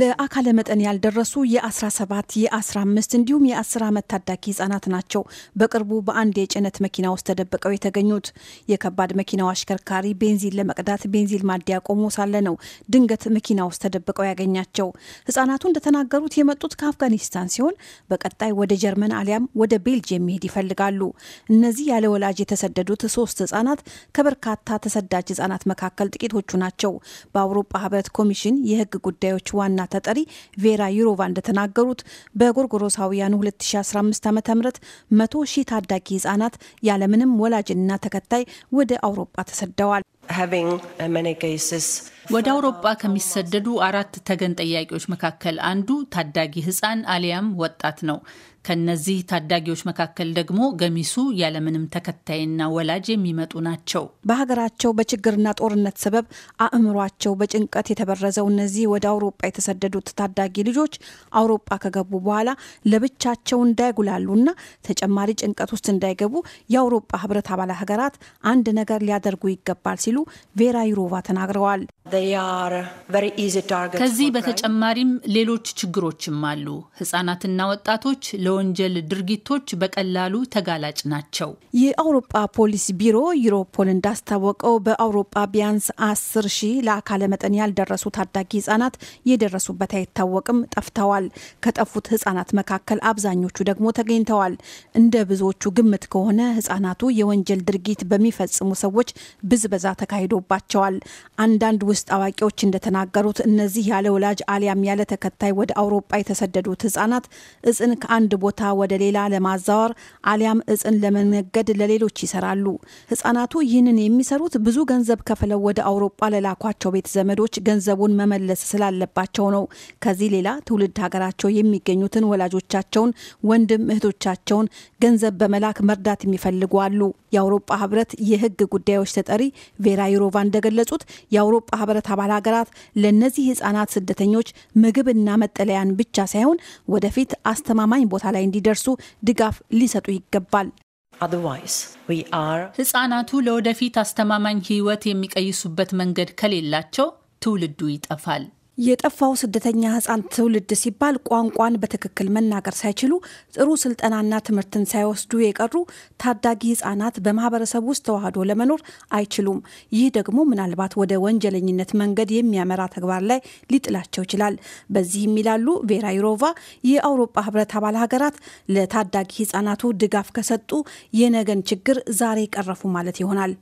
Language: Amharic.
ለአካለ መጠን ያልደረሱ የ17 የ15 እንዲሁም የ10 ዓመት ታዳጊ ህጻናት ናቸው በቅርቡ በአንድ የጭነት መኪና ውስጥ ተደብቀው የተገኙት። የከባድ መኪናው አሽከርካሪ ቤንዚን ለመቅዳት ቤንዚን ማደያ ቆሞ ሳለ ነው ድንገት መኪና ውስጥ ተደብቀው ያገኛቸው። ህጻናቱ እንደተናገሩት የመጡት ከአፍጋኒስታን ሲሆን በቀጣይ ወደ ጀርመን አሊያም ወደ ቤልጅየም መሄድ ይፈልጋሉ። እነዚህ ያለ ወላጅ የተሰደዱት ሶስት ህጻናት ከበርካታ ተሰዳጅ ህጻናት መካከል ጥቂቶቹ ናቸው። በአውሮፓ ህብረት ኮሚሽን የህግ ጉዳዮች ዋና ተጠሪ ቬራ ዩሮቫ እንደተናገሩት በጎርጎሮሳውያኑ 2015 ዓ ም መቶ ሺህ ታዳጊ ህጻናት ያለምንም ወላጅና ተከታይ ወደ አውሮፓ ተሰደዋል። ወደ አውሮጳ ከሚሰደዱ አራት ተገን ጠያቂዎች መካከል አንዱ ታዳጊ ህፃን አሊያም ወጣት ነው። ከነዚህ ታዳጊዎች መካከል ደግሞ ገሚሱ ያለምንም ተከታይና ወላጅ የሚመጡ ናቸው። በሀገራቸው በችግርና ጦርነት ሰበብ አእምሯቸው በጭንቀት የተበረዘው እነዚህ ወደ አውሮጳ የተሰደዱት ታዳጊ ልጆች አውሮጳ ከገቡ በኋላ ለብቻቸው እንዳይጉላሉና ተጨማሪ ጭንቀት ውስጥ እንዳይገቡ የአውሮጳ ህብረት አባል ሀገራት አንድ ነገር ሊያደርጉ ይገባል ሲሉ ሲሉ ቬራ ይሮቫ ተናግረዋል። ከዚህ በተጨማሪም ሌሎች ችግሮችም አሉ። ህጻናትና ወጣቶች ለወንጀል ድርጊቶች በቀላሉ ተጋላጭ ናቸው። የአውሮፓ ፖሊስ ቢሮ ዩሮፖል እንዳስታወቀው በአውሮፓ ቢያንስ አስር ሺህ ለአካለ መጠን ያልደረሱ ታዳጊ ህጻናት የደረሱበት አይታወቅም ጠፍተዋል። ከጠፉት ህጻናት መካከል አብዛኞቹ ደግሞ ተገኝተዋል። እንደ ብዙዎቹ ግምት ከሆነ ህጻናቱ የወንጀል ድርጊት በሚፈጽሙ ሰዎች ብዝበዛ ተካሂዶባቸዋል። አንዳንድ ውስጥ አዋቂዎች እንደተናገሩት እነዚህ ያለ ወላጅ አሊያም ያለ ተከታይ ወደ አውሮፓ የተሰደዱት ህጻናት እጽን ከአንድ ቦታ ወደ ሌላ ለማዛወር አሊያም እጽን ለመነገድ ለሌሎች ይሰራሉ። ህጻናቱ ይህንን የሚሰሩት ብዙ ገንዘብ ከፍለው ወደ አውሮፓ ለላኳቸው ቤተ ዘመዶች ገንዘቡን መመለስ ስላለባቸው ነው። ከዚህ ሌላ ትውልድ ሀገራቸው የሚገኙትን ወላጆቻቸውን፣ ወንድም እህቶቻቸውን ገንዘብ በመላክ መርዳት የሚፈልጉ አሉ። የአውሮጳ ህብረት የህግ ጉዳዮች ተጠሪ ቬራ ዩሮቫ እንደገለጹት የአውሮጳ ህብረት አባል ሀገራት ለእነዚህ ህጻናት ስደተኞች ምግብና መጠለያን ብቻ ሳይሆን ወደፊት አስተማማኝ ቦታ ላይ እንዲደርሱ ድጋፍ ሊሰጡ ይገባል። ህጻናቱ ለወደፊት አስተማማኝ ህይወት የሚቀይሱበት መንገድ ከሌላቸው ትውልዱ ይጠፋል። የጠፋው ስደተኛ ህጻን ትውልድ ሲባል ቋንቋን በትክክል መናገር ሳይችሉ ጥሩ ስልጠናና ትምህርትን ሳይወስዱ የቀሩ ታዳጊ ህጻናት በማህበረሰብ ውስጥ ተዋህዶ ለመኖር አይችሉም። ይህ ደግሞ ምናልባት ወደ ወንጀለኝነት መንገድ የሚያመራ ተግባር ላይ ሊጥላቸው ይችላል። በዚህም ይላሉ ቬራ ይሮቫ፣ የአውሮፓ ህብረት አባል ሀገራት ለታዳጊ ህጻናቱ ድጋፍ ከሰጡ የነገን ችግር ዛሬ ቀረፉ ማለት ይሆናል።